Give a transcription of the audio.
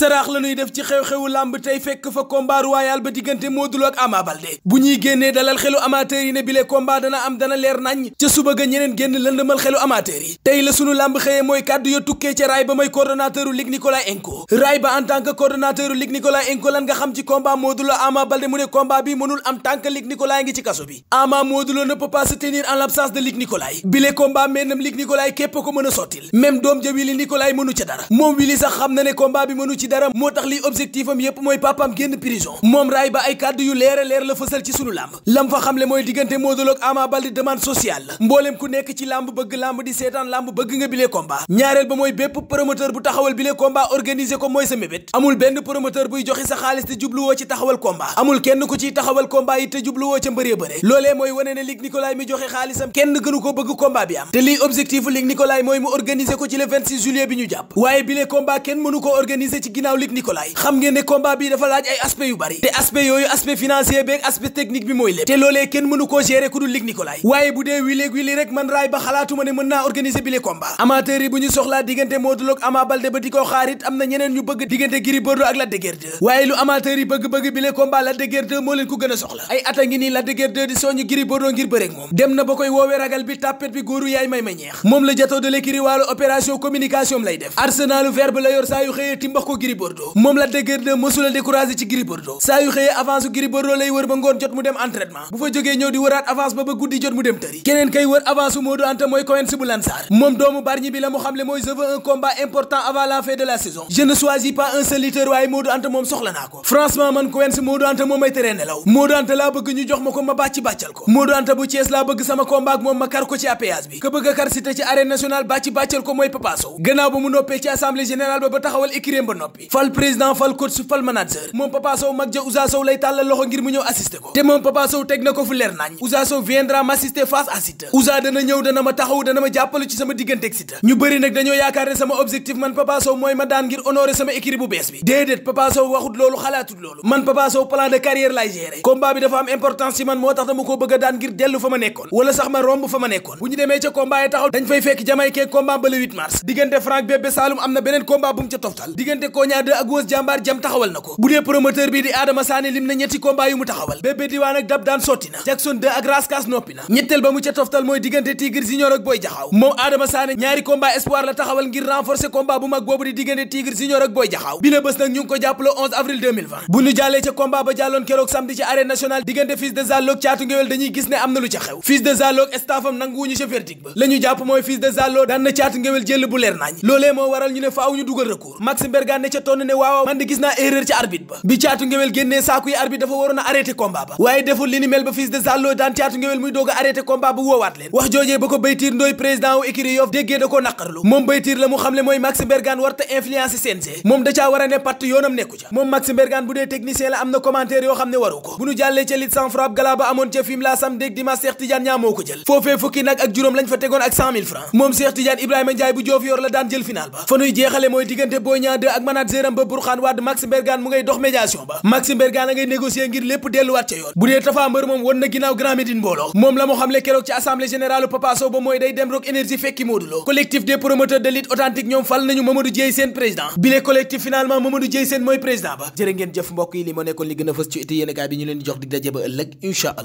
saraax la ñuy def ci xew-xewu làmb tey fekk fa combat royal ba diggante Modou Lo ak Ama Baldé bu ñuy génnee dalal xelu amateur yi ne bile combat dana am dana leer nañ ca suba ga ñeneen génn lëndëmal xelu amateur yi tey la sunu làmb xëyee mooy kàddu ya tukkee ca raay ba may coordonnateuru Luc Nicolaï Enco raay ba en tant que coordonnateuru Luc Nicolaï lan nga xam ci combat Modou Lo Ama mu ne combat bi mënul am tànk Luc Nicolaï ngi ci kaso bi a sottil même doom ja Wili Nicolaï mënu ca dara moom Wili sax xam na ne dara moo tax liy objectif am yépp mooy papaam génn prison moom raay ba ay kàddu yu leer leer la fësal ci sunu làmb lam fa xamle mooy diggante Modou Lo ak Ama Baldé demande sociale la mbooleem ku nekk ci làmb bëgg làmb di seetaan làmb bëgg nga bile combat ñaareel ba mooy bépp promoteur bu taxawal bile combat organiser ko mooy sa mébét amul benn promoteur buy joxe sa xaalis te jubluwoo ci taxawal combat amul kenn ku ciy taxawal combat yi te jubluwoo ca mbëree bëre joxe xaalisam kenn gënu ko bëgg combat bi am te liy objectif Luc ñu jàpp waaye bile combat kenn mënu ko ci ginnaaw Luc Nicolaï xam ngeen ne combat bi dafa laaj ay aspect yu bari te aspect yooyu aspect financier beeg aspect technique bi mooy lépp te loolee kenn waaye lu amateur bëgg-bëgg bile combat Lac de moo leen ko gën a soxla ay ata ngi nii Lac de Guiers 2 di soñu Gris ngir bëreeg moom dem na ba koy woowee ragal bi tàppet bi góoru yaay may ma ñeex moom la jatoo de l'écurie wàllu communication lay def arsenalu verbe la yor saa yu xëyee timbax ko Gris moom la dëgër de mësula découragé ci Gris Bordeaux saa yu xëyee avance u Gris Bordeaux lay wër ba ngoon jot mu dem entraînement bu fa jógee ñëw di wëraat avance ba ba guddi jot mu dem tëri keneen kay wër avance u Modou Anta mooy Coen bu Lansar moom doomu Bargny bi la mu xamle mooy je combat important avant la fin de la saison je ne pas un seul lutteur waaye Modou Anta moom soxla naa ko franchement moom may tere nelaw Modou Anta laa laa bi fal président fal coach fal manager moom Papa Sow mag ja Ousa Sow lay tàllal loxo ngir mu ñëw assister ko te moom Papa Sow teg na ko fu leer nañ Ousa Sow viendra m'assister face à Siteu Ousa dana ñëw dana ma taxaw dana ma jàppalu ci sama diggante ak Siteu ñu bëri nag dañoo yaakaar ne sama objectif man Papa Sow mooy ma daan ngir honorer sama équipe bu bees bi déedéet Papa waxut loolu xalaatut loolu man Papa Sow plan de carrière laay gérer combat bi dafa am importance ci a daan ngir dellu fa ma nekkoon wala sax ma romb Konia ak Weuz Diambar jam taxawal na ko bu dee promoteur bi di Adama Sané lim na ñetti combat yu mu taxawal bébé diwaan ak dab daan sotti na Jackson 2 ak Raskas noppi na ñetteel ba mu ca toftal mooy diggante Tigre Junior ak Boy Jaxaw moom Adama Sané ñaari combat espoir la taxawal ngir renforcer combat bu mag boobu di diggante Tigre Junior ak Boy Jaxaw bi la bés nag ñu ngi ko jàpp le avril bu ñu jàllee ca combat ba jàlloon keroog samedi ca xew Fils ca tonn ne waaw man de gis naa erreur ci arbitre ba bi caatu ngewel génnee saaku yi dafa waroon a arrêté combat ba waaye deful li ba fils de Zallo daan caatu ngewel muy doog a arrêté ba woowaat leen wax ba ko Baytiir Ndoy président wu écurie Yoff déggee da koo naqarlu moom Baytiir la mu xamle mooy Max Mbergane warta influencé CNG moom da caa war a ne patt yoonam nekku ca moom Max Mbergane bu dee technicien la am na commentaire yoo xam ne waru ko bu ñu jàllee ca lit sans frappe galaa ba manager am ba Bourkhane Wade Max Mbergane mu ngay dox médiation ba Max Mbergane a ngay négocier ngir lépp delluwaat ca yoon bu dee Tapha Mbeur moom won na ginnaaw Grand Médine mbooloo moom la mu xamle keroog ci assemblée générale Papa ba mooy day dem rok énergie fekki Modou Lo collectif des promoteurs de lutte authentique ñoom fal nañu Mamadou Dieye seen président bile collectif finalement Mamadou Dieye seen mooy président ba jërë ngeen jëf mbokk yi li moo